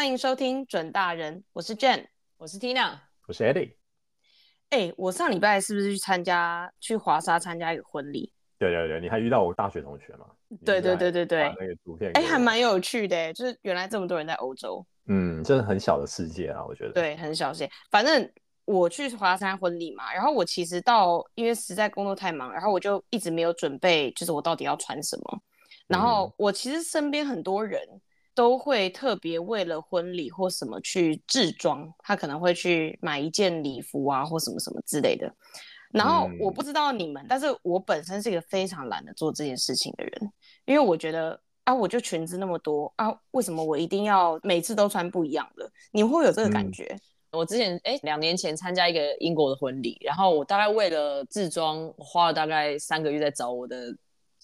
歡迎收聽準大人，我是 Jen，我是 Tina，我是 Eddie。哎、欸，我上禮拜是不是去參加去華沙參加一個婚禮？對對對，你還遇到我大學同學嗎？對對對對對，哎、欸，還蠻有趣的，就是原來這麼多人在歐洲，嗯，真、就、的、是、很小的世界啊，我覺得。對，很小的世界。反正我去華沙參加婚禮嘛，然後我其實到，因為實在工作太忙，然後我就一直沒有準備，就是我到底要穿什麼、嗯。然後我其實身邊很多人。都會特別為了婚禮或什麼去制裝，他可能會去買一件禮服啊或什麼什麼之類的。然後我不知道你們，嗯，但是我本身是一個非常懶得做這件事情的人，因為我覺得啊，我就裙子那麼多啊，為什麼我一定要每次都穿不一樣的？你會有這個感覺？嗯，我之前誒兩年前參加一個英國的婚禮，然後我大概為了制裝我花了大概三個月在找我的。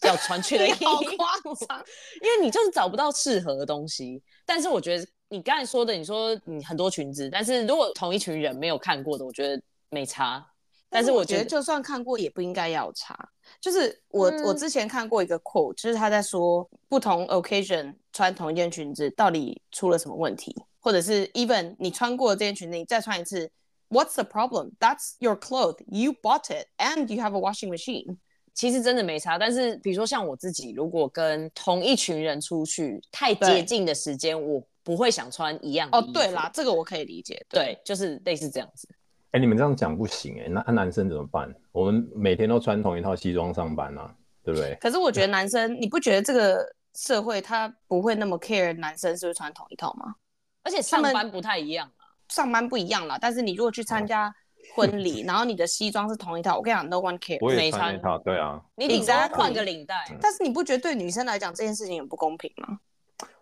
要穿去的， 好誇張，因為你就是找不到適合的東西。但是我覺得你剛才說的，你說你很多裙子，但是如果同一群人沒有看過的，我覺得沒差。但是我覺得就算看過，也不應該要差。就是我、嗯、我之前看過一個 quote，就是他在說不同 occasion 穿同一件裙子到底出了什麼問題，或者是 even 你穿過這件裙子，你再穿一次，What's the problem? That's your clothes. You bought it and you have a washing machine. 其實真的沒差，但是比如說像我自己，如果跟同一群人出去，太接近的時間，我不會想穿一樣的衣服。哦，對啦，這個我可以理解。對，對就是類似這樣子。哎、欸，你們這樣講不行哎、欸，那那男生怎麼辦？我們每天都穿同一套西裝上班啊，對不對？可是我覺得男生，你不覺得這個社會他不會那麼 care 男生是不是穿同一套嗎？ 而且上班不太一樣啊，上班不一樣啦。但是你如果去參加。嗯 婚禮，然後你的西裝是同一套，我跟你講，no one care。我也穿一套穿，對啊。你領大家換一個領帶、嗯，但是你不覺得對女生來講這件事情很不公平嗎？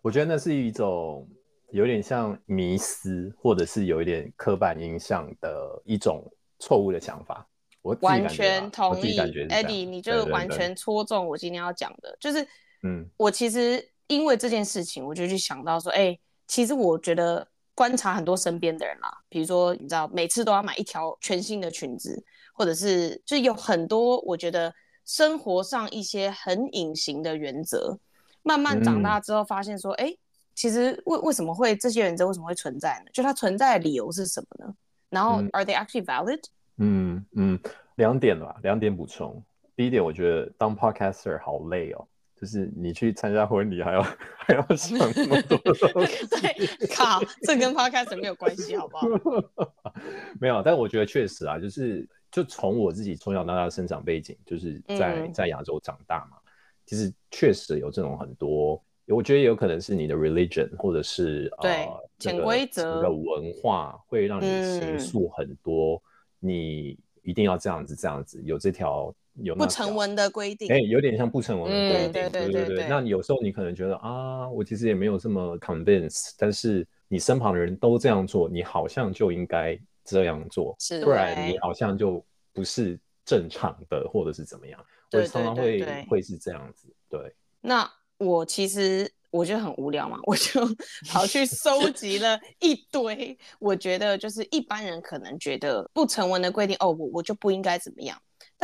我覺得那是一種有點像迷思，或者是有一點刻板印象的一種錯誤的想法。我覺完全同意，Eddie，、欸、你就是完全戳中我今天要講的，對對對就是嗯，我其實因為這件事情，我就去想到說，哎、嗯欸，其實我覺得。觀察很多身邊的人啦、啊，比如說你知道，每次都要買一條全新的裙子，或者是就有很多我覺得生活上一些很隱形的原則，慢慢長大之後發現說，哎、嗯，其實為為什麼會這些原則為什麼會存在呢？就它存在的理由是什麼呢？然後、嗯，Are they actually valid？嗯嗯，兩點吧，兩點補充。第一點，我覺得當 podcaster 好累哦。就是你去參加婚禮，還要還要想這麼多 對，卡，這跟 podcast 沒有關係，好不好？ 沒有，但我覺得確實啊，就是就從我自己從小到大的生長背景，就是在在亞洲長大嘛，嗯、其實確實有這種很多，我覺得也有可能是你的 religion 或者是對潛規則、呃、這個、文化會讓你習俗很多、嗯，你一定要這樣子、這樣子，有這條。有不成文的規定，哎、欸，有點像不成文的規定，嗯對對。對對對對，那你有時候你可能覺得啊，我其實也沒有這麼 convince，但是你身旁的人都這樣做，你好像就應該這樣做，是，不然你好像就不是正常的，或者是怎麼樣。對對、對、對、對，我常常會、會是這樣子，對。那我其實我覺得很無聊嘛，我就跑去收集了一堆， 我覺得就是一般人可能覺得不成文的規定，哦，我我就不應該怎麼樣。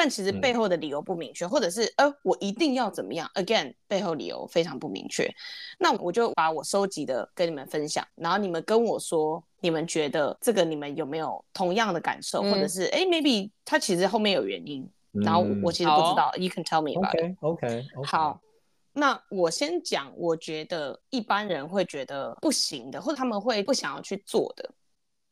但其實背後的理由不明確、嗯，或者是呃，我一定要怎麼樣？Again，背後理由非常不明確。那我就把我收集的跟你們分享，然後你們跟我說，你們覺得這個你們有沒有同樣的感受，嗯、或者是哎、欸、maybe 他其實後面有原因，嗯、然後我其實不知道、oh.，You can tell me about it OK，OK，okay, okay, okay. 好。那我先講，我覺得一般人會覺得不行的，或者他們會不想要去做的。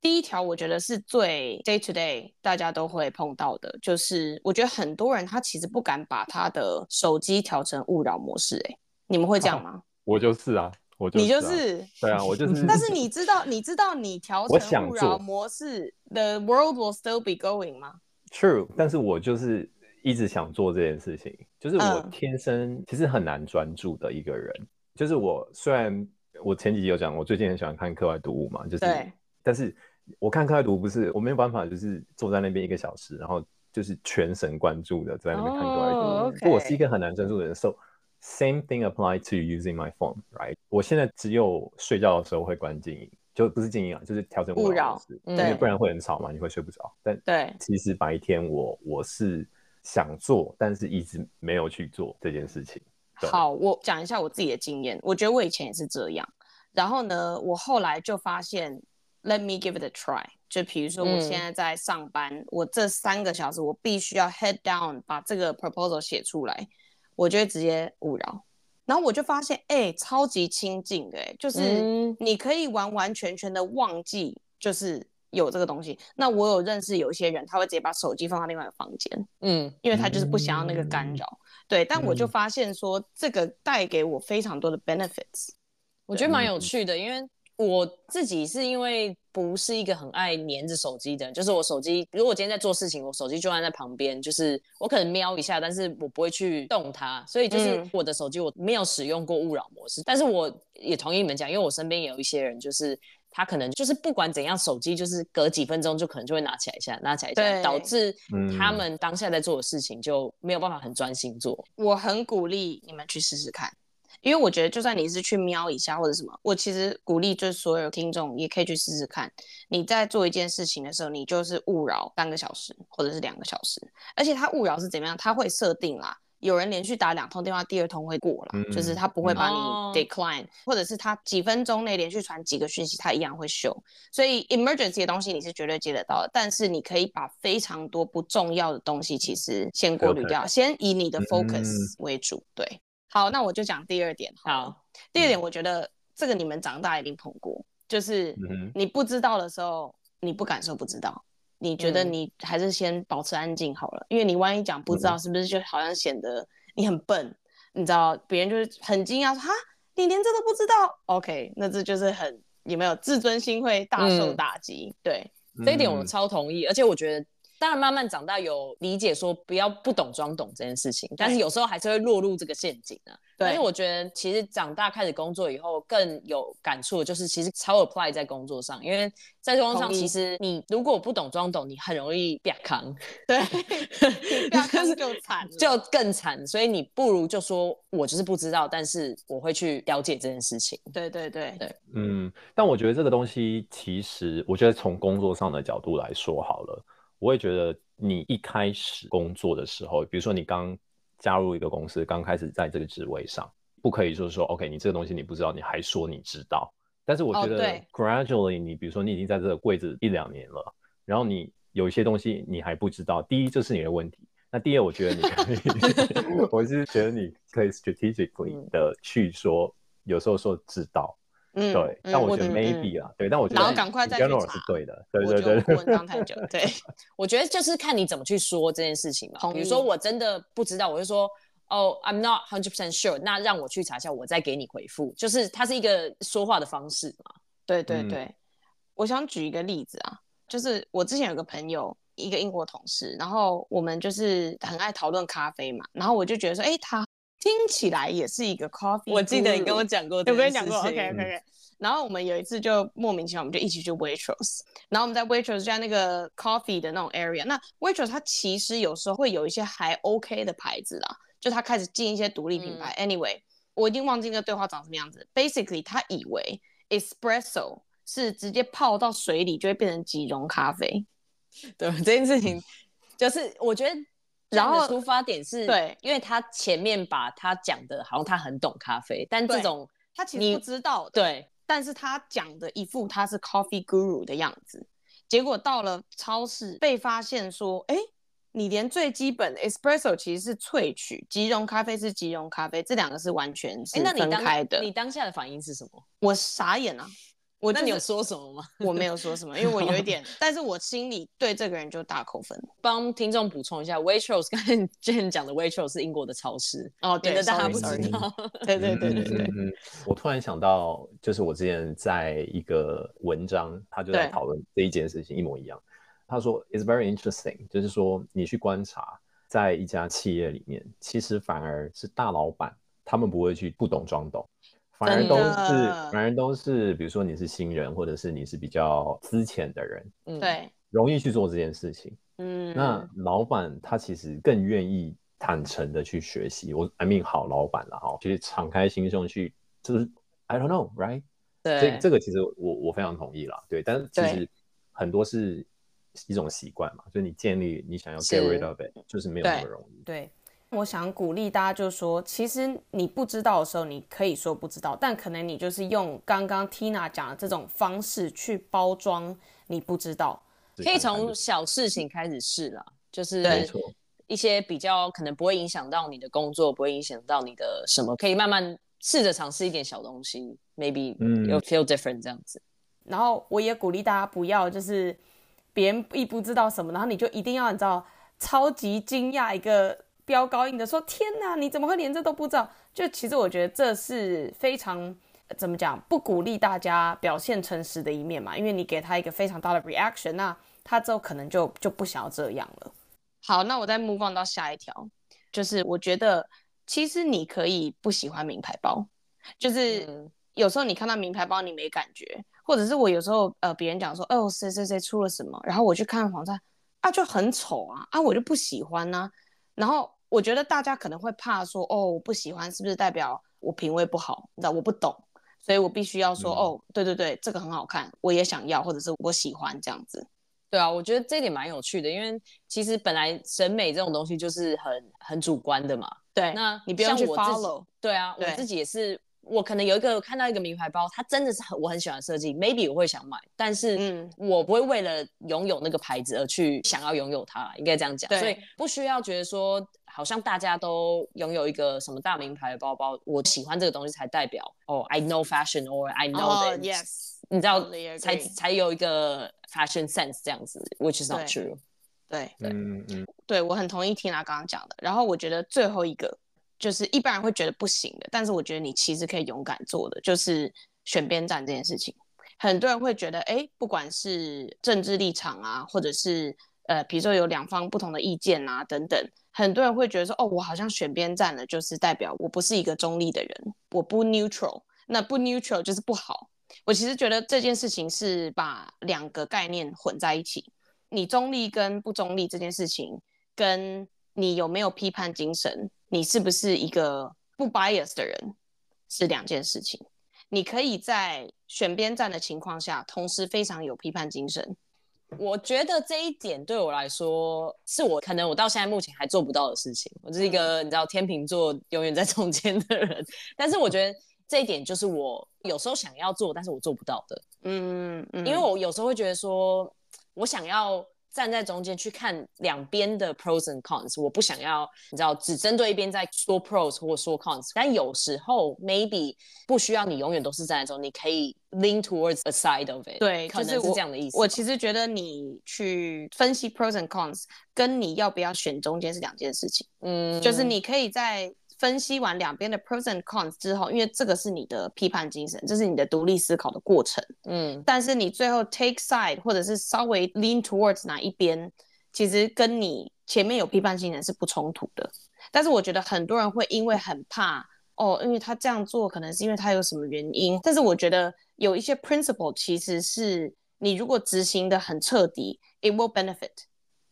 第一條，我覺得是最 day to day 大家都會碰到的，就是我覺得很多人他其實不敢把他的手機調成勿擾模式、欸。哎，你們會這樣嗎？啊、我就是啊，我就是、啊、你就是對啊，我就是。但是你知道， 你知道你調成勿擾模式，the world will still be going 嗎？True，但是我就是一直想做這件事情，就是我天生其實很難專注的一個人、嗯，就是我雖然我前幾集有講，我最近很喜歡看課外讀物嘛，就是，對，但是。我看課外讀不是，我沒有辦法，就是坐在那邊一個小時，然後就是全神貫注的在那邊看課外讀。不、oh, okay. 我是一個很難專注的人，所、so, 以 same thing apply to using my phone，right？我現在只有睡覺的時候會關靜音，就不是靜音啊，就是調整勿擾，因為不然會很吵嘛，你會睡不着。但對，其實白天我我是想做，但是一直沒有去做這件事情對。好，我講一下我自己的經驗，我覺得我以前也是這樣，然後呢，我後來就發現。Let me give it a try。就比如說，我現在在上班，嗯，我這三個小時我必須要 head down 把這個 proposal 寫出來，我就會直接勿擾。然後我就發現，哎，超級清淨的，哎，就是你可以完完全全的忘記，就是有這個東西。那我有認識有一些人，他會直接把手機放到另外一個房間，嗯，因為他就是不想要那個干擾、嗯。對，但我就發現說、嗯，這個帶給我非常多的 benefits，我覺得蠻有趣的，嗯、因為。我自己是因為不是一個很愛黏着手機的人，就是我手機，如果我今天在做事情，我手機就放在旁邊，就是我可能瞄一下，但是我不會去動它，所以就是我的手機我沒有使用過勿擾模式，嗯。但是我也同意你們講，因為我身邊也有一些人，就是他可能就是不管怎樣，手機就是隔幾分鐘就可能就會拿起來一下，拿起來一下，導致他們當下在做的事情就沒有辦法很專心做，嗯。我很鼓勵你們去試試看。因為我覺得，就算你是去瞄一下或者什麼，我其實鼓勵就是所有聽眾也可以去試試看。你在做一件事情的時候，你就是勿擾半個小時或者是兩個小時。而且它勿擾是怎麼樣？它會設定啦，有人連續打兩通電話，第二通會過啦，就是它不會把你 decline，嗯嗯，或者是它幾分鐘內連續傳幾個訊息，它一樣會 show。所以 emergency 的東西你是絕對接得到的，但是你可以把非常多不重要的東西其實先過濾掉，Okay. 先以你的 focus 為主，嗯嗯，對。好，那我就講第二點好。好，第二點，我覺得、嗯、這個你們長大一定碰過，就是你不知道的時候，嗯、你不敢說不知道，你覺得你還是先保持安靜好了、嗯，因為你萬一講不知道，是不是就好像顯得你很笨？嗯、你知道，別人就是很驚訝說，哈，你連這都不知道？OK，那這就是很有沒有自尊心會大受打擊、嗯？對、嗯，這一點我超同意，而且我覺得。當然，慢慢長大有理解說不要不懂裝懂這件事情，但是有時候還是會落入這個陷阱啊。對。但是我覺得其實長大開始工作以後更有感觸的，就是其實超 apply 在工作上，因為在工作上其實你如果不懂裝懂，你很容易被坑。對， 被坑就慘， 就更慘。所以你不如就說我就是不知道，但是我會去了解這件事情。對對對對，嗯，但我覺得這個東西其實，我覺得從工作上的角度來說好了。我也覺得，你一開始工作的時候，比如說你剛加入一個公司，剛開始在這個職位上，不可以就是說，OK，你這個東西你不知道，你還說你知道。但是我覺得，gradually，Oh，你比如說你已經在這個位置一兩年了，然後你有一些東西你還不知道。第一就是你的問題，那第二我覺得你可以， 我是覺得你可以 strategically 的去說，有時候說知道。嗯， 對嗯，但我覺得，我覺得 maybe、嗯、啊。對，但我覺得然後趕快再去查、General、是對的，對對對，對。我就久 對，我覺得就是看你怎麼去說這件事情嘛。好，比如說我真的不知道，我就說，哦，I'm not hundred percent sure。那讓我去查一下，我再給你回復。就是它是一個說話的方式嘛。對對對，嗯、我想舉一個例子啊，就是我之前有個朋友，一個英國同事，然後我們就是很愛討論咖啡嘛，然後我就覺得說，哎、欸，他。聽起來也是一個 coffee，我記得你跟我講過對，這個講過 OK OK、嗯。然後我們有一次就莫名其妙，我們就一起去 Waitrose。然後我們在 Waitrose 加那個 coffee 的那種 area。那 Waitrose 它其實有時候會有一些還 OK 的牌子啦，就它開始進一些獨立品牌。嗯、anyway，我已經忘記那個對話長什麼樣子。嗯、Basically，他以為 espresso 是直接泡到水裡就會變成即溶咖啡。對， 這件事情就是我覺得。然後出發點是對，因為他前面把他講的，好像他很懂咖啡，但這種他其實不知道的，對，但是他講的一副他是 coffee guru 的樣子，結果到了超市被發現說，哎，你連最基本的 espresso 其實是萃取，即溶咖啡是即溶咖啡，這兩個是完全是分開的。那你，你當下的反應是什麼？我傻眼啊！我、就是、那你有說什麼嗎？ 我沒有說什麼，因為我有一點， 但是我心裡對這個人就大扣分。幫 聽眾補充一下，Waitrose 剛才之前講的 Waitrose 是英國的超市哦，對、oh, okay, 但他不知道。對對對對對，我突然想到，就是我之前在一個文章，他就在討論這一件事情一模一樣。他說，It's very interesting，就是說你去觀察，在一家企業裡面，其實反而是大老闆，他們不會去不懂裝懂。反而都是，反而都是，比如說你是新人，或者是你是比較資淺的人，嗯，對，容易去做這件事情，嗯，那老板他其實更願意坦誠的去學習，我 I mean 好老板啦哈，就是敞開心胸去，就是 I don't know right，對，這這個其實我我非常同意啦，對，但是其實很多是一種習慣嘛，所以你建立你想要 get rid of it，是就是沒有那麼容易，對。對。我想鼓勵大家，就說其實你不知道的時候，你可以說不知道，但可能你就是用剛剛 Tina 講的這種方式去包裝你不知道，可以從小事情開始試了，就是對，一些比較可能不會影響到你的工作，不會影響到你的什麼，可以慢慢試着嘗試一點小東西，Maybe，you，嗯，feel different 這樣子。然後我也鼓勵大家不要就是別人一不知道什麼，然後你就一定要你知道超級驚訝一個。飆高音的說：“天哪，你怎麼會連這都不知道？”就其實我覺得這是非常、呃、怎麼講，不鼓勵大家表現誠實的一面嘛，因為你給他一個非常大的 reaction，那他之後可能就就不想要這樣了。好，那我再 move on 到下一條，就是我覺得其實你可以不喜歡名牌包，就是、嗯、有時候你看到名牌包你沒感覺，或者是我有時候呃別人講說哦誰誰誰出了什麼，然後我去看網站啊就很醜啊啊我就不喜歡吶、啊，然後。我覺得大家可能會怕說哦，我不喜歡，是不是代表我品味不好？那我不懂，所以我必須要說、嗯、哦，對對對，這個很好看，我也想要，或者是我喜歡這樣子。對啊，我覺得這點蠻有趣的，因為其實本來審美這種東西就是很很主觀的嘛。對，那你不要去 follow。對啊對，我自己也是，我可能有一個看到一個名牌包，它真的是很我很喜歡設計，maybe 我會想買，但是、嗯、我不會為了擁有那個牌子而去想要擁有它，應該這樣講。對，所以不需要覺得說。好像大家都擁有一個什麼大名牌的包包，我喜歡這個東西才代表哦、oh, I know fashion or I know、oh, that. yes，你知道、totally、才才有一個 fashion sense 這樣子，which is not true 對。對、mm、對 -hmm. 對，我很同意聽他剛剛講的。然後我覺得最後一個就是一般人會覺得不行的，但是我覺得你其實可以勇敢做的就是選邊站這件事情。很多人會覺得，哎、欸，不管是政治立場啊，或者是呃，比如說有兩方不同的意見啊，等等，很多人會覺得說，哦，我好像選邊站了，就是代表我不是一個中立的人，我不 neutral，那不 neutral 就是不好。我其實覺得這件事情是把兩個概念混在一起，你中立跟不中立這件事情，跟你有沒有批判精神，你是不是一個不 bias 的人，是兩件事情。你可以在選邊站的情況下，同時非常有批判精神。我覺得這一點對我來說，是我可能我到現在目前還做不到的事情。我是一個，你知道，天秤座永遠在中間的人，但是我覺得這一點就是我有時候想要做，但是我做不到的。嗯，因為我有時候會覺得說，我想要。站在中間去看兩邊的 pros and cons，我不想要，你知道，只針對一邊在說 pros 或說 cons，但有時候 maybe 不需要你永遠都是站在中，你可以 lean towards a side of it 對。對、就是，可能是這樣的意思我。我其實覺得你去分析 pros and cons，跟你要不要選中間是兩件事情。嗯，就是你可以在。分析完兩邊的 pros and cons 之後，因為這個是你的批判精神，這是你的獨立思考的過程。嗯，但是你最後 take side 或者是稍微 lean towards 哪一邊，其實跟你前面有批判精神是不衝突的。但是我覺得很多人會因為很怕哦，因為他這樣做可能是因為他有什麼原因。但是我覺得有一些 principle 其實是你如果執行的很徹底，it will benefit。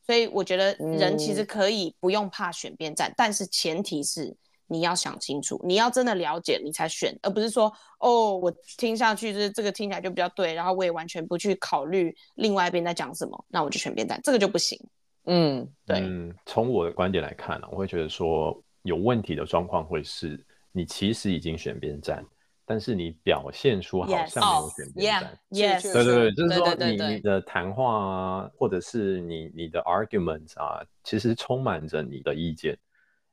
所以我覺得人其實可以不用怕選邊站，嗯，但是前提是。你要想清楚，你要真的了解，你才選，而不是說哦，我聽下去就是這個聽起來就比較對，然後我也完全不去考慮另外一邊在講什麼，那我就選邊站，這個就不行。嗯，對。嗯，從我的觀點來看呢、啊，我會覺得說有問題的狀況會是你其實已經選邊站，但是你表現出好像沒有選邊站。Yes. Oh. 站 yeah. yes. 對對對，對，就是說你你的談話啊，或者是你你的 argument 啊，其實充滿着你的意見。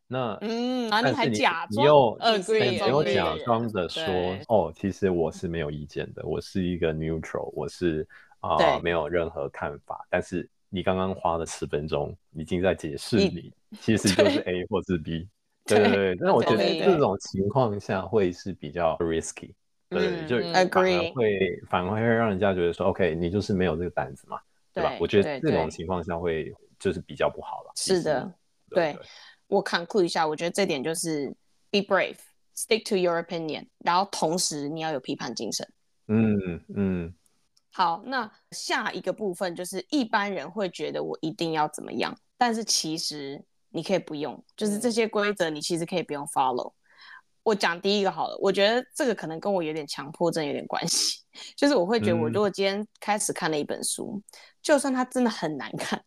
那嗯，啊、你還假但你有假你你又你又假裝着說哦，其實我是沒有意見的，我是一個 neutral，我是啊、呃、沒有任何看法。但是你剛剛花了十分鐘，已經在解釋你，你其實就是 A 或是 B，對，對對對。那我覺得這種情況下會是比較 risky，對，對對就而會、mm, agree 會反而會讓人家覺得說 OK，你就是沒有這個膽子嘛對，對吧？我覺得這種情況下會就是比較不好了，是的，對，對，對。我 conclude 一下，我覺得這點就是 be brave, stick to your opinion，然後同時你要有批判精神。嗯嗯。好，那下一個部分就是一般人會覺得我一定要怎麼樣，但是其實你可以不用，就是這些規則你其實可以不用 follow。嗯、我講第一個好了，我覺得這個可能跟我有點強迫症有點關係，就是我會覺得我如果今天開始看了一本書，嗯、就算它真的很難看。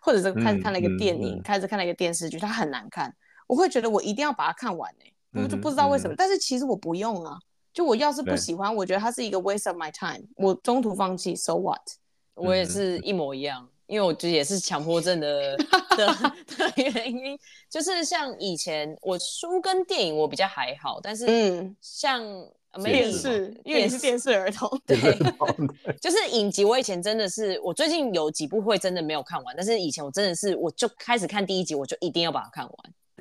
或者是看看了一個電影、嗯嗯，開始看了一個電視劇、嗯，它很難看，我會覺得我一定要把它看完、欸、我不就不知道為什麼、嗯嗯？但是其實我不用啊，就我要是不喜歡，我覺得它是一個 waste of my time，我中途放棄、嗯、，so what？、嗯、我也是一模一樣，因為我覺得也是強迫症的 的，的原因，就是像以前我書跟電影我比較還好，但是像。嗯視也是，因為你是電視兒童對對。對，就是影集。我以前真的是，我最近有幾部會真的沒有看完，但是以前我真的是，我就開始看第一集，我就一定要把它看完。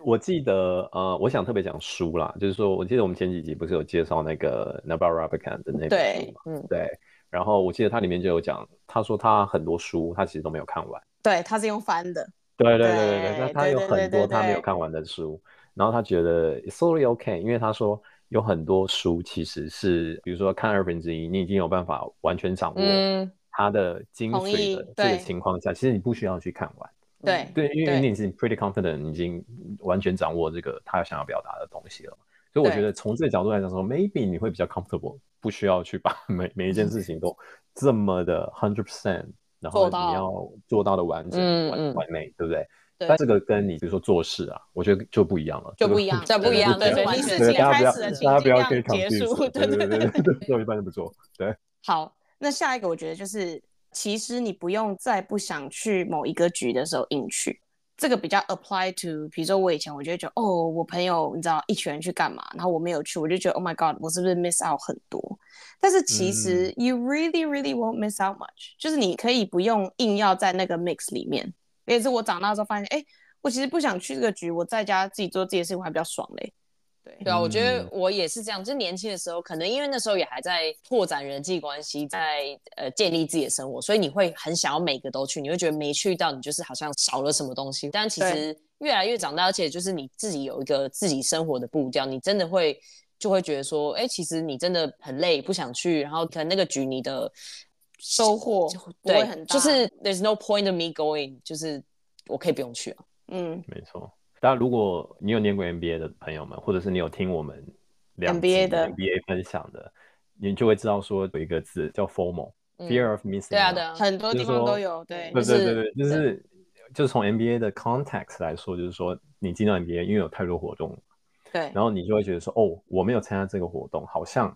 我記得呃，我想特別講書啦，就是說我記得我們前幾集不是有介紹那個 Naval Ravikant 的那本書嘛對、嗯、對。然後我記得他裡面就有講，他說他很多書他其實都沒有看完。對，他是用翻的。對對對對對。那他有很多他沒有看完的書，然後他覺得 sorry、totally、OK，因為他說。有很多書其實是，比如說看二分之一，你已經有辦法完全掌握它的精髓的這個情況下、嗯，其實你不需要去看完。嗯、對對，因為你已經 pretty confident，你已經完全掌握這個他想要表達的東西了。所以我覺得從這個角度來講說，maybe 你會比較 comfortable，不需要去把每每一件事情都這麼的 hundred percent，然後你要做到的完整、完、嗯嗯、完美，對不對？但這個跟你比如說做事啊，我覺得就不一樣了，就不一樣了，這個、不一樣。對，不要對對開始的開始，跟不要跟不要結束 complete, 對對對，對對對對,對,對，我一般都不做。對，好，那下一個我覺得就是，其實你不用在不想去某一個局的時候硬去，這個比較 apply to。比如說我以前，我就會覺得，哦，我朋友你知道一群人去幹嘛，然後我沒有去，我就覺得，Oh、嗯哦、my God，我是不是 miss out 很多？但是其實、嗯、you really really won't miss out much，就是你可以不用硬要在那個 mix 裡面。也是我長大之後發現，哎、欸，我其實不想去這個局，我在家自己做這些事情還比較爽嘞、欸。對對啊，我覺得我也是這樣，就年輕的時候，可能因為那時候也還在拓展人際關係，在呃建立自己的生活，所以你會很想要每個都去，你會覺得沒去到你就是好像少了什麼東西。但其實越來越長大，而且就是你自己有一個自己生活的步調，你真的會就會覺得說，哎、欸，其實你真的很累，不想去，然後可能那個局你的。收穫就會很大對，就是 there's no point of me going，就是我可以不用去了。嗯，沒錯。但如果你有念過 MBA 的朋友們，或者是你有聽我們兩的 MBA 的 MBA 分享的，你就會知道說有一個字叫 FOMO，fear、嗯、of missing 對、啊。對啊，很多地方都有。對、就是，對對對對就是、就是、就是從 MBA 的 context 來說，就是說你進到 MBA 因為有太多活動，對，然後你就會覺得說，哦，我沒有參加這個活動，好像。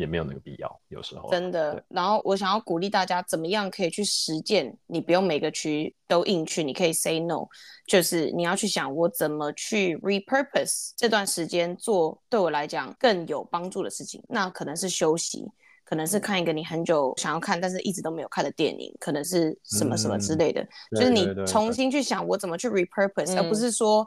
也沒有那個必要，有時候、啊、真的。然後我想要鼓勵大家，怎麼樣可以去實踐？你不用每個局都硬去，你可以 say no。就是你要去想，我怎麼去 repurpose 這段時間做對我來講更有幫助的事情。那可能是休息，可能是看一個你很久想要看但是一直都沒有看的電影，可能是什麼什麼之類的。嗯、就是你重新去想，我怎麼去 repurpose，而不是說。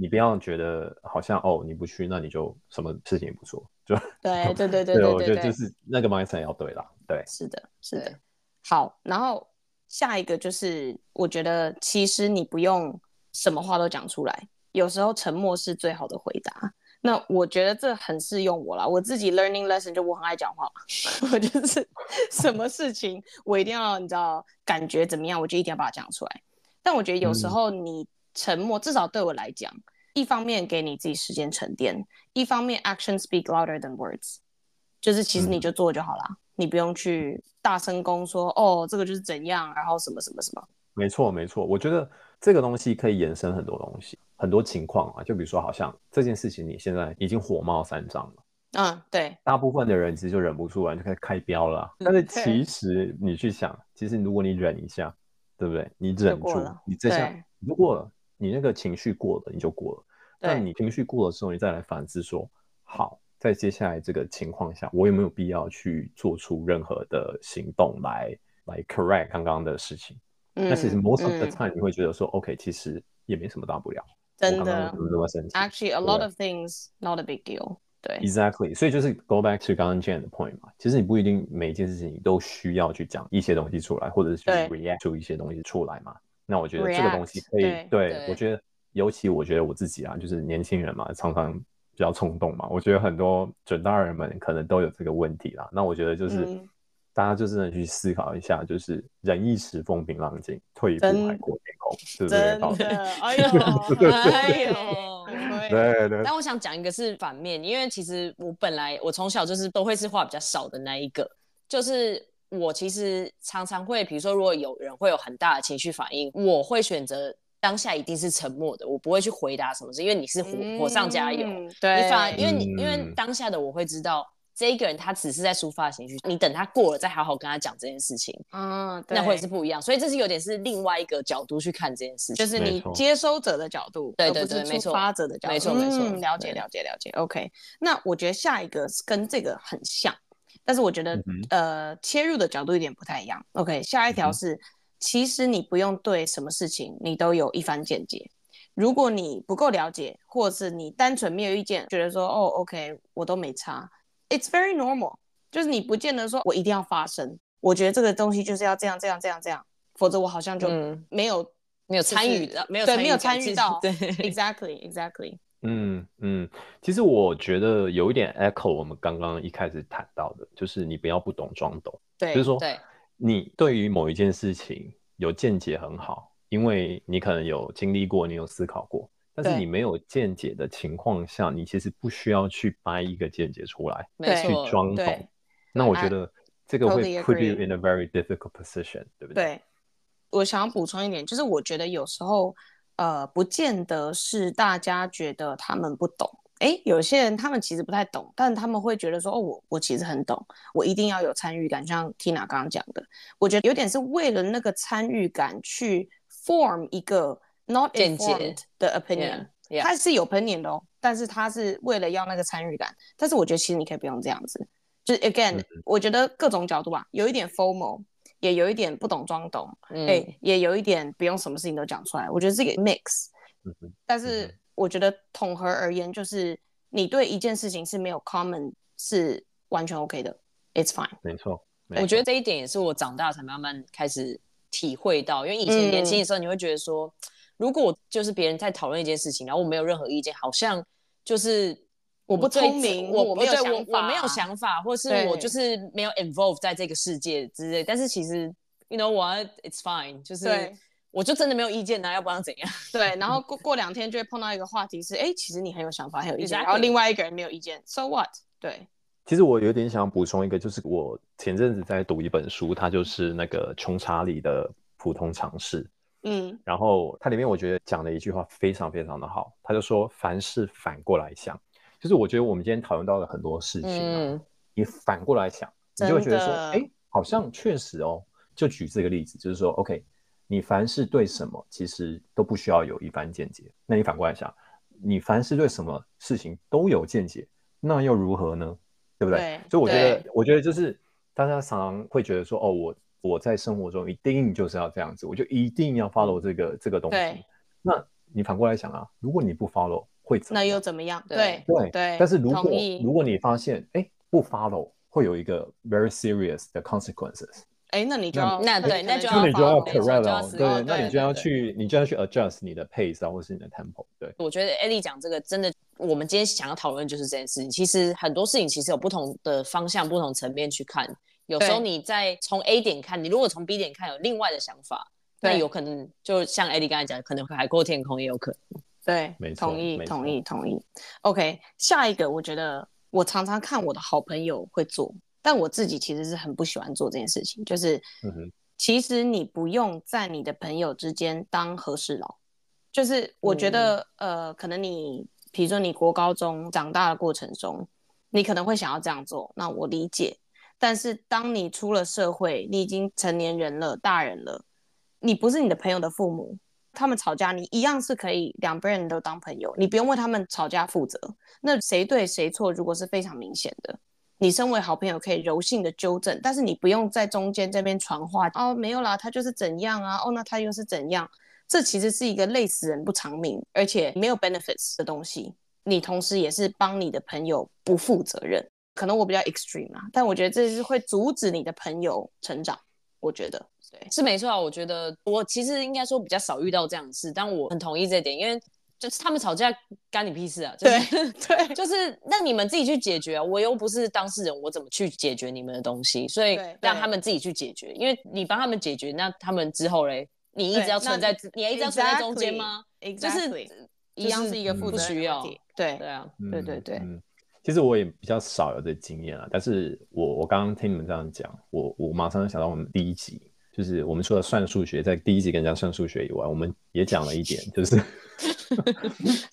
你不要覺得好像哦，你不去，那你就什麼事情也不做，就對對對對， 對，對，對，對對對對對我覺得就是那個 mindset 要對啦，對，是的，是的。好，然後下一個就是，我覺得其實你不用什麼話都講出來，有時候沉默是最好的回答。那我覺得這很適用我啦，我自己 learning lesson 就我很愛講話嘛， 我就是什麼事情 我一定要你知道感覺怎麼樣，我就一定要把它講出來。但我覺得有時候你、嗯。沉默，至少對我來講，一方面給你自己時間沉澱，一方面 action speak louder than words，就是其實你就做就好了，嗯，你不用去大聲公說、嗯、哦，這個就是怎樣，然後什麼什麼什麼。沒錯，沒錯，我覺得這個東西可以延伸很多東西，很多情況啊，就比如說好像這件事情，你現在已經火冒三丈了，嗯，對，大部分的人其實就忍不住，啊，然後就開始開飆了、啊嗯。但是其實你去想，其實如果你忍一下，對不對？你忍住，你這下如果。你那個情緒過了，你就過了。但你情緒過了之後，你再來反思說，好，在接下來這個情況下，我有沒有必要去做出任何的行動來來 correct 剛剛的事情？但是 most of the time，嗯，你會覺得說，嗯，OK，其實也沒什麼大不了。真的。Actually，a lot of things not a big deal。對。Exactly。所以就是 go back to 剛剛 Jane 的 point 嘛，其實你不一定每一件事情你都需要去講一些東西出來，或者是去 react 出一些東西出來嘛。那我覺得這個東西可以，對，對，對，對，對我覺得，尤其我覺得我自己啊，就是年輕人嘛，常常比較衝動嘛。我覺得很多準大人們可能都有這個問題啦。那我覺得就是、嗯、大家就是能去思考一下，就是忍一時風平浪靜，退一步海闊天空，是不是？真的，哎呦，哎呦， 哎呦對對，對，對。但我想講一個是反面，因為其實我本來我從小就是都會是話比較少的那一個，就是。我其實常常會，比如說，如果有人會有很大的情緒反應，我會選擇當下一定是沉默的，我不會去回答什麼事，因為你是火、嗯、火上加油，對，你反而，因為你、嗯、因為當下的我會知道這一個人他只是在抒發情緒，你等他過了再好好跟他講這件事情嗯，那會是不一樣，所以這是有點是另外一個角度去看這件事情，就是你接收者的角度，對對對，沒錯，觸發者的角度，嗯、沒錯沒錯，了解了解了解，了解，OK，那我覺得下一個是跟這個很像。但是我覺得、嗯，呃，切入的角度有點不太一樣。OK，下一條是，嗯、其實你不用對什麼事情你都有一番見解。如果你不夠了解，或者是你單純沒有意見，覺得說，哦，OK，我都沒差，It's very normal。就是你不見得說我一定要發聲。我覺得這個東西就是要這樣這樣這樣這樣，否則我好像就沒有、嗯就是、沒有參與的，沒有對沒有參與到，對，Exactly，Exactly。Exactly, exactly. 嗯嗯，其實我覺得有一點 echo，我們剛剛一開始談到的，就是你不要不懂裝懂。對，就是說，對。你對於某一件事情有見解很好，因為你可能有經歷過，你有思考過。對。但是你沒有見解的情況下，你其實不需要去掰一個見解出來去裝懂。對。那我覺得這個會 put, I totally agree, you in a very difficult position，對不對？對。我想要補充一點，就是我覺得有時候。呃，不見得是大家覺得他們不懂。哎，有些人他們其實不太懂，但他們會覺得說，哦，我我其實很懂，我一定要有參與感。像 Tina 剛剛講的，我覺得有點是為了那個參與感去 form 一個 not informed 的 opinion。Yeah, yeah. 他是有 opinion 的哦，但是他是為了要那個參與感。但是我覺得其實你可以不用這樣子。就是 again，Okay. 我覺得各種角度吧，有一點 FOMO。也有一點不懂裝懂，哎、嗯欸，也有一點不用什麼事情都講出來。我覺得這個 mix，、嗯、但是我覺得統合而言，就是、嗯、你對一件事情是沒有 common 是完全 OK 的，It's fine。沒錯，我覺得這一點也是我長大才慢慢開始體會到，因為以前年輕的時候，你會覺得說，嗯、如果就是別人在討論一件事情，然後我沒有任何意見，好像就是。我不聰明，我我、沒有我我，我沒有想法，或是我就是沒有 involve 在這個世界之類。但是其實，you know what，it's fine，就是對，我就真的沒有意見呢，啊，要不然怎樣？對。然後過過兩天就會碰到一個話題是，哎、 欸，其實你很有想法，很有意見，然後另外一個人沒有意見，so what？對。其實我有點想補充一個，就是我前陣子在讀一本書，它就是那個窮查理的普通常識。嗯。然後它裡面我覺得講的一句話非常非常的好，它就說：凡事反過來想。就是我覺得我們今天討論到了很多事情、啊嗯、你反過來想，你就會覺得說，哎、欸，好像確實哦。就舉這個例子，就是說，OK，你凡事對什麼，其實都不需要有一番見解。那你反過來想，你凡事對什麼事情都有見解，那又如何呢？對不對？對，所以我覺得，我覺得就是大家常常會覺得說，哦，我我在生活中一定就是要這樣子，我就一定要 follow 這個這個東西。那你反過來想啊，如果你不 follow，會怎麼樣，那又怎麼樣對對？對對對，但是如果如果你發現哎，不 follow 會有一個 very serious 的 consequences，哎那你就要那對那，那就，那就，你就要你就要 correct，哦就要哦，對，對，對，對，那你就要去你就要去 adjust 你的 pace 啊，或者是你的 tempo 對，我覺得艾麗講這個真的，我們今天想要討論就是這件事情。其實很多事情其實有不同的方向、不同層面去看。有時候你在從 A 點看，你如果從 B 點看，有另外的想法，那有可能就像艾麗剛才講，的，可能海闊天空也有可能。對，同意，同意，同意。OK，下一個，我覺得我常常看我的好朋友會做，但我自己其實是很不喜歡做這件事情。就是，其實你不用在你的朋友之間當和事佬。就是，我覺得、嗯，呃，可能你，比如說你國高中長大的過程中，你可能會想要這樣做，那我理解。但是，當你出了社會，你已經成年人了，大人了，你不是你的朋友的父母。他們吵架，你一樣是可以兩邊人都當朋友，你不用為他們吵架負責。那誰對誰錯，如果是非常明顯的，你身為好朋友可以柔性的糾正，但是你不用在中間這邊傳話。哦，沒有啦，他就是怎樣啊，哦，那他又是怎樣？這其實是一個累死人不償命，而且沒有 benefits 的東西。你同時也是幫你的朋友不負責任。可能我比較 extreme 嘛、啊，但我覺得這是會阻止你的朋友成長。我覺得對是沒錯啊，我覺得我其實應該說比較少遇到這樣的事，但我很同意這點，因為就是他們吵架干你屁事啊，就是、對對，就是讓你們自己去解決啊，我又不是當事人，我怎麼去解決你們的東西？所以讓他們自己去解決，因為你幫他們解決，那他們之後嘞，你一直要存在，你一直要存在中間嗎？Exactly, exactly, 就是、就是一樣是一個負責的需要，嗯、對對啊、嗯，對對對。嗯其實我也比較少有這經驗啊，但是我我剛剛聽你們這樣講，我我馬上想到我們第一集，就是我們除了算數學，在第一集跟人家算數學以外，我們也講了一點，就是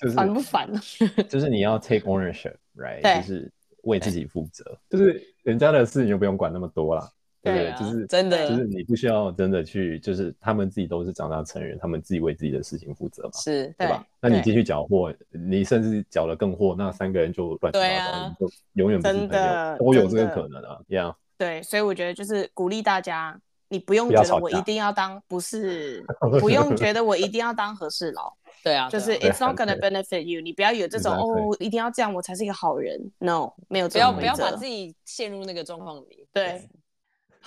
就是煩不煩呢？就是你要 take ownership，t、right? 就是為自己負責，就是人家的事你就不用管那麼多了。對,對，就是、啊、真的，就是你不需要真的去，就是他們自己都是長大成人，他們自己為自己的事情負責嘛，是對,對吧？那你繼續攪禍，你甚至攪了更禍，那三個人就亂七八糟，啊、就永遠不是朋友，真的我有這個可能啊，一樣。Yeah, 對，所以我覺得就是鼓勵大家，你不用覺得我一定要當不是，不, 不用覺得我一定要當和事佬。對啊，就是 it's not gonna benefit you，你不要有這種哦，一定要這樣，我才是一個好人。No，沒有這種。不要不要把自己陷入那個狀況裡。對。對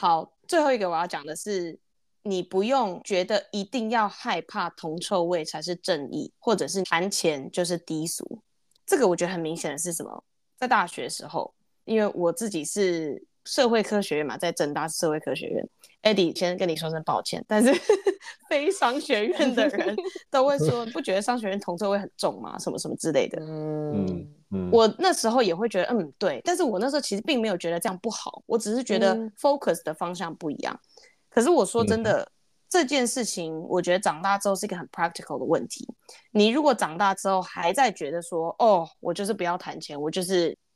好，最後一個我要講的是，你不用覺得一定要害怕銅臭味才是正義，或者是談錢就是低俗。這個我覺得很明顯的是什麼？在大學的時候，因為我自己是。社會科學院嘛，在政大社會科學院。Eddie，先跟你說聲抱歉，但是 非商學院的人都會說，不覺得商學院銅臭味很重嗎？什麼什麼之類的。嗯嗯。我那時候也會覺得，嗯，對。但是我那時候其實並沒有覺得這樣不好，我只是覺得 focus 的方向不一樣。嗯、可是我說真的，嗯、這件事情，我覺得長大之後是一個很 practical 的問題。你如果長大之後還在覺得說，哦，我就是不要談錢，我就是。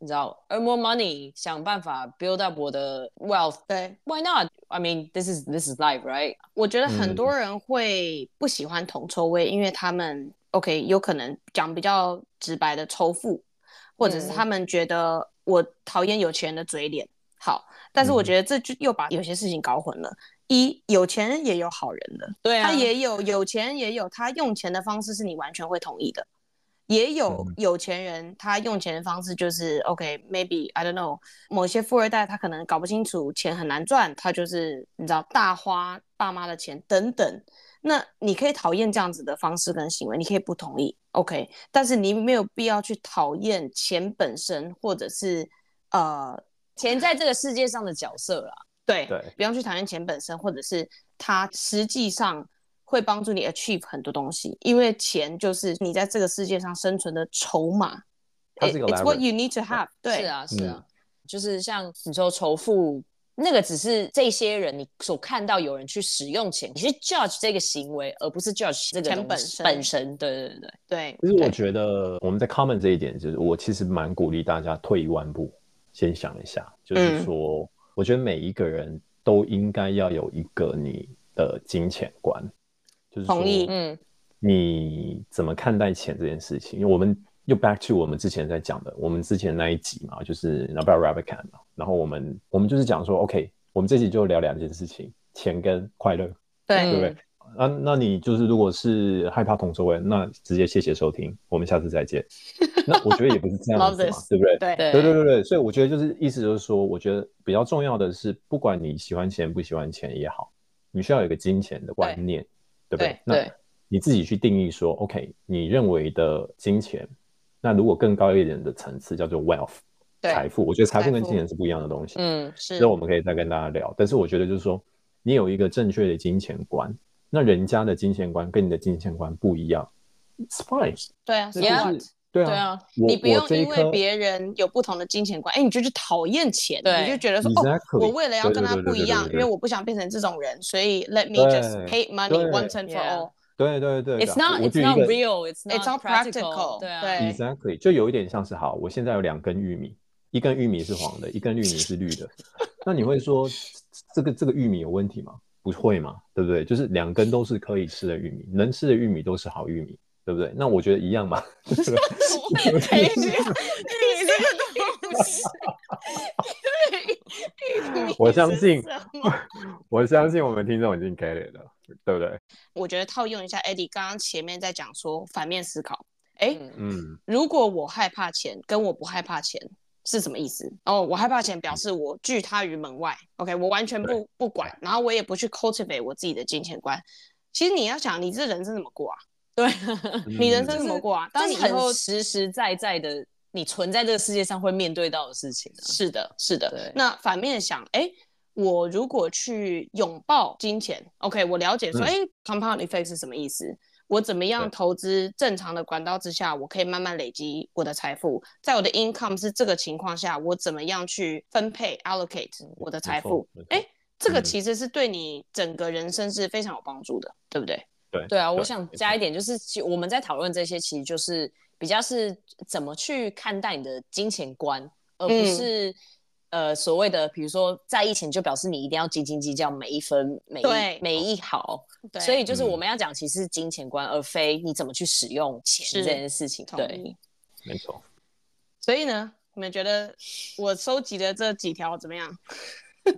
你知道，earn more money，想辦法 build up 我的 wealth 對。對，Why not？I mean，this is this is life，right？我覺得很多人會不喜歡銅臭味，嗯，因為他們 OK，有可能講比較直白的仇富，或者是他們覺得我討厭有錢人的嘴臉。好，但是我覺得這就又把有些事情搞混了。一，有錢也有好人的，對啊，他也有有錢也有，他用錢的方式是你完全會同意的。也有、嗯、有錢人，他用錢的方式就是 OK，Maybe、okay, I don't know，某些富二代他可能搞不清楚錢很難賺，他就是你知道大花爸媽的錢等等。那你可以討厭這樣子的方式跟行為，你可以不同意 OK，但是你沒有必要去討厭錢本身，或者是呃錢在這個世界上的角色了。對，對，不要去討厭錢本身，或者是他實際上。會幫助你 achieve 很多東西，因為錢就是你在這個世界上生存的籌碼。It's what you need to have、啊。對，是啊、嗯，是啊，就是像你說仇富，那個只是這些人你所看到有人去使用錢，其實 judge 這個行為，而不是 judge 這個錢本身。本身，對對對對。其實我覺得我們在 common 這一點，就是我其實蠻鼓勵大家退一萬步，先想一下，就是說、嗯，我覺得每一個人都應該要有一個你的金錢觀。就是嗯，你怎麼看待錢這件事情、嗯？因為我們又 back to 我們之前在講的，我們之前那一集嘛，就是 you know about wealth can 嘛，然後我們我們就是講說，OK，我們這集就聊兩件事情，錢跟快樂，對，對不對？那、嗯啊、那你就是如果是害怕銅臭味，那直接謝謝收聽，我們下次再見。 那我覺得也不是這樣子嘛， 對不對？對對，對對對對，所以我覺得就是意思就是說，我覺得比較重要的是，不管你喜歡錢不喜歡錢也好，你需要有一個金錢的觀念。對不對？對，對。那你自己去定義說，OK，你認為的金錢，那如果更高一點的層次叫做 wealth，財富，我覺得財富跟金錢是不一樣的東西。嗯，是。所以我們可以再跟大家聊。但是我覺得就是說，你有一個正確的金錢觀，那人家的金錢觀跟你的金錢觀不一樣。Spice，對啊，Spice，那就是，嗯，是。對啊，對啊，你不用因為別人有不同的金錢觀，哎、欸，你就去討厭錢，你就覺得說，exactly, 哦，我為了要跟他不一樣，對對對對，因為我不想變成這種人，對對對對，所以 let me just hate money once and for all。對對對，對，It's not It's not real It's not practical, it's practical 對。對，Exactly 就有一點像是好，我現在有兩根玉米，一根玉米是黃的，一根玉米是綠的， 那你會說 這個這個玉米有問題嗎？不會嗎？對不對？就是兩根都是可以吃的玉米，能吃的玉米都是好玉米。對不對？那我覺得一樣嘛。 我， 我相信， 我相信我們聽眾已經 get 了，對不對？我覺得套用一下，Eddie 剛剛前面在講說反面思考。哎，嗯，如果我害怕錢，跟我不害怕錢是什麼意思？哦、oh，我害怕錢表示我拒他於門外、嗯。OK，我完全不不管，然後我也不去 cultivate 我自己的金錢觀。其實你要想，你這人生怎麼過啊？對、嗯、 你人生怎麼過啊？當你以後實實在在的，你存在這個世界上會面對到的事情、啊。是的，是的。對，那反面想，哎，我如果去擁抱金錢，OK，我了解說，哎、嗯、，compound effect 是什麼意思？我怎麼樣投資正常的管道之下，我可以慢慢累積我的財富。在我的 income 是這個情況下，我怎麼樣去分配 allocate 我的財富？哎、嗯嗯，這個其實是對你整個人生是非常有幫助的，對不對？對，對啊對，我想加一點、就是，就是我們在討論這些，其實就是比較是怎麼去看待你的金錢觀，而不是、嗯、呃所謂的，比如說在意錢就表示你一定要斤斤計較每一分每一、每一毫、哦。對，所以就是我們要講，其實是金錢觀，而非你怎麼去使用錢這件事情。對，沒錯。所以呢，你們覺得我收集的這幾條怎麼樣？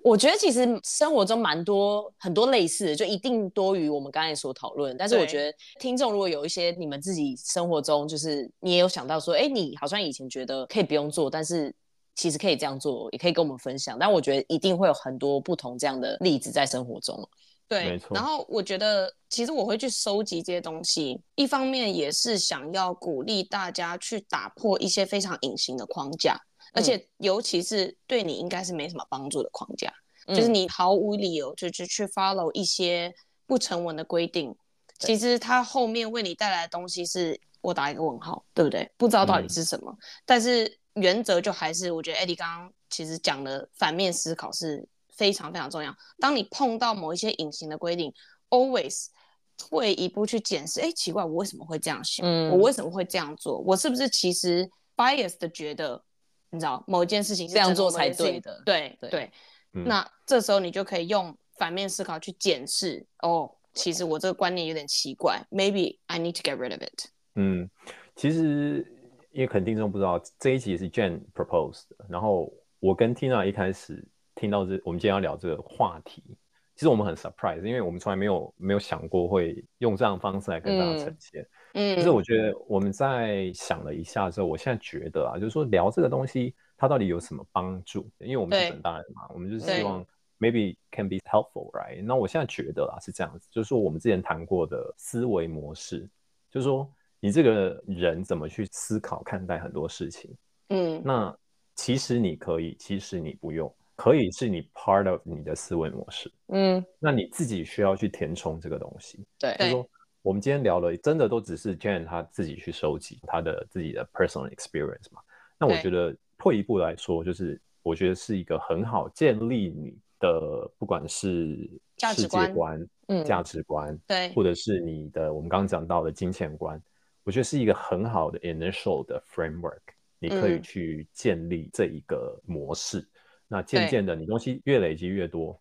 我覺得其實生活中蠻多很多類似的，就一定多於我們剛才所討論。但是我覺得聽眾如果有一些你們自己生活中，就是你也有想到說，哎、欸，你好像以前覺得可以不用做，但是其實可以這樣做，也可以跟我們分享。但我覺得一定會有很多不同這樣的例子在生活中。對，沒錯。然後我覺得其實我會去收集這些東西，一方面也是想要鼓勵大家去打破一些非常隱形的框架。而且，尤其是對你應該是沒什麼幫助的框架，嗯、就是你毫無理由就就去 follow 一些不成文的規定，其實它後面為你帶來的東西是，我打一個問號，對不對？不知道到底是什麼。嗯、但是原則就還是，我覺得 Eddie 剛剛其實講的反面思考是非常非常重要。當你碰到某一些隱形的規定，always 退、嗯、一步去檢視，哎，奇怪，我為什麼會這樣想、嗯？我為什麼會這樣做？我是不是其實 bias 的覺得？你知道某一件事情是這樣做才對，對的，對對、嗯。那這時候你就可以用反面思考去檢視哦，其實我這個觀念有點奇怪、嗯、Maybe I need to get rid of it。嗯，其實因為肯定聽眾不知道這一集是 Jane proposed 的，然後我跟 Tina 一開始聽到這，我們今天要聊這個話題，其實我們很 surprise，因為我們從來沒有沒有想過會用這樣的方式來跟大家呈現。嗯。嗯，就是我覺得我們在想了一下之後，我現在覺得啊，就是說聊這個東西，它到底有什麼幫助？因為我們是準大人嘛，我們就是希望 maybe can be helpful, right？那我現在覺得啊是這樣子，就是說我們之前談過的思維模式，就是說你這個人怎麼去思考看待很多事情，嗯，那其實你可以，其實你不用，可以是你 part of 你的思維模式，嗯，那你自己需要去填充這個東西，對，就是說。我們今天聊了，真的都只是 Ken 他自己去收集他的自己的 personal experience 嘛？那我覺得退一步來說，就是我覺得是一個很好建立你的不管是世界觀、價值觀、嗯、價值觀，對，或者是你的我們剛剛講到的金錢觀，我覺得是一個很好的 initial 的 framework，、嗯、你可以去建立這一個模式。那漸漸的，你東西越累積越多。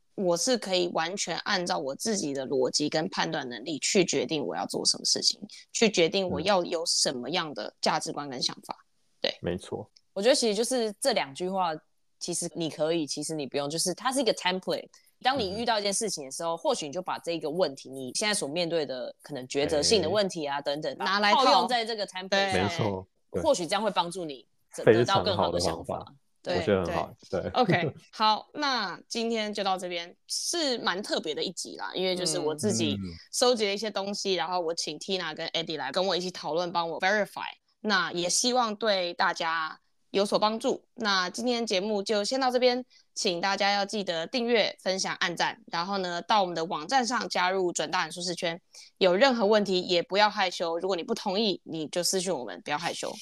我是可以完全按照我自己的邏輯跟判斷能力去決定我要做什麼事情，去決定我要有什麼樣的價值觀跟想法。嗯、對，沒錯。我覺得其實就是這兩句話，其實你可以，其實你不用，就是它是一個 template。當你遇到一件事情的時候，嗯、或許你就把這一個問題，你現在所面對的可能抉擇性的問題啊、欸、等等，拿來套用在這個 template，對，沒錯。或許這樣會幫助你整得到更好的想法。對我覺得很好，對。對對 OK， 好，那今天就到這邊，是蠻特別的一集啦，因為就是我自己收集了一些東西，嗯、然後我請 Tina 跟 Eddie 來跟我一起討論，幫我 verify、嗯。那也希望對大家有所幫助。那今天節目就先到這邊，請大家要記得訂閱、分享、按讚，然後呢到我們的網站上加入“準大人舒適圈”。有任何問題也不要害羞，如果你不同意，你就私訊我們，不要害羞。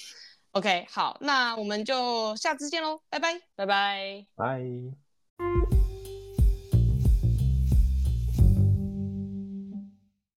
OK，好，那我們就下次見嘍，拜拜，拜拜，拜。